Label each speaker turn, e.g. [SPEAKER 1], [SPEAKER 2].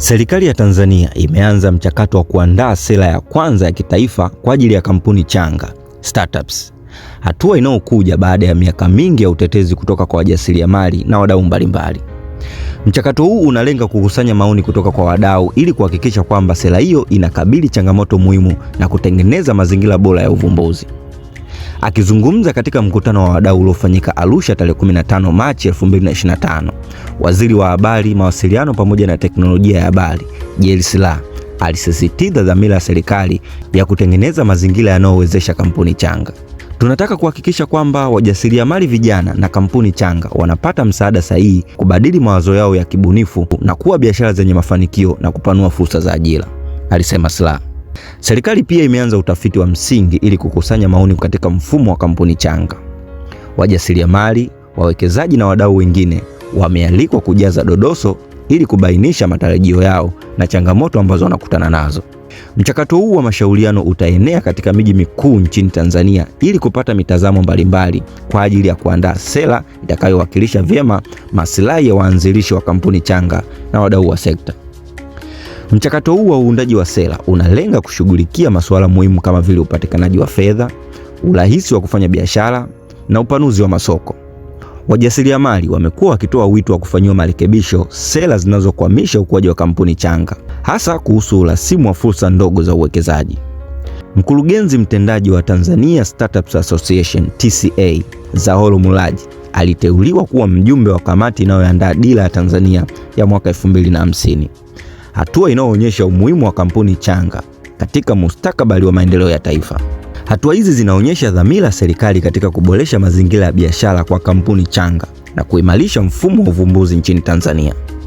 [SPEAKER 1] Serikali ya Tanzania imeanza mchakato wa kuandaa sera ya kwanza ya kitaifa kwa ajili ya kampuni changa startups, hatua inayokuja baada ya miaka mingi ya utetezi kutoka kwa wajasiriamali na wadau mbalimbali. Mchakato huu unalenga kukusanya maoni kutoka kwa wadau ili kuhakikisha kwamba sera hiyo inakabili changamoto muhimu na kutengeneza mazingira bora ya uvumbuzi. Akizungumza katika mkutano wa wadau uliofanyika Arusha tarehe 15 Machi 2025, Waziri wa Habari, Mawasiliano pamoja na Teknolojia ya Habari, Jerry Silaa alisisitiza dhamira ya serikali ya kutengeneza mazingira yanayowezesha kampuni changa. Tunataka kuhakikisha kwamba wajasiriamali vijana na kampuni changa wanapata msaada sahihi kubadili mawazo yao ya kibunifu na kuwa biashara zenye mafanikio na kupanua fursa za ajira, alisema Silaa. Serikali pia imeanza utafiti wa msingi ili kukusanya maoni katika mfumo wa kampuni changa. Wajasiriamali, wawekezaji na wadau wengine wamealikwa kujaza dodoso ili kubainisha matarajio yao na changamoto ambazo wanakutana nazo. Mchakato huu wa mashauriano utaenea katika miji mikuu nchini Tanzania ili kupata mitazamo mbalimbali kwa ajili ya kuandaa sera itakayowakilisha vyema maslahi ya waanzilishi wa kampuni changa na wadau wa sekta. Mchakato huu wa uundaji wa sera unalenga kushughulikia masuala muhimu kama vile upatikanaji wa fedha, urahisi wa kufanya biashara na upanuzi wa masoko. Wajasiriamali wamekuwa wakitoa wito wa kufanyiwa marekebisho sera zinazokwamisha ukuaji wa kampuni changa, hasa kuhusu urasimu wa fursa ndogo za uwekezaji. Mkurugenzi mtendaji wa Tanzania Startups Association TCA, Zaholo Mulaji aliteuliwa kuwa mjumbe wa kamati inayoandaa dira ya Tanzania ya mwaka 2050 hatua inayoonyesha umuhimu wa kampuni changa katika mustakabali wa maendeleo ya taifa. Hatua hizi zinaonyesha dhamira serikali katika kuboresha mazingira ya biashara kwa kampuni changa na kuimarisha mfumo wa uvumbuzi nchini Tanzania.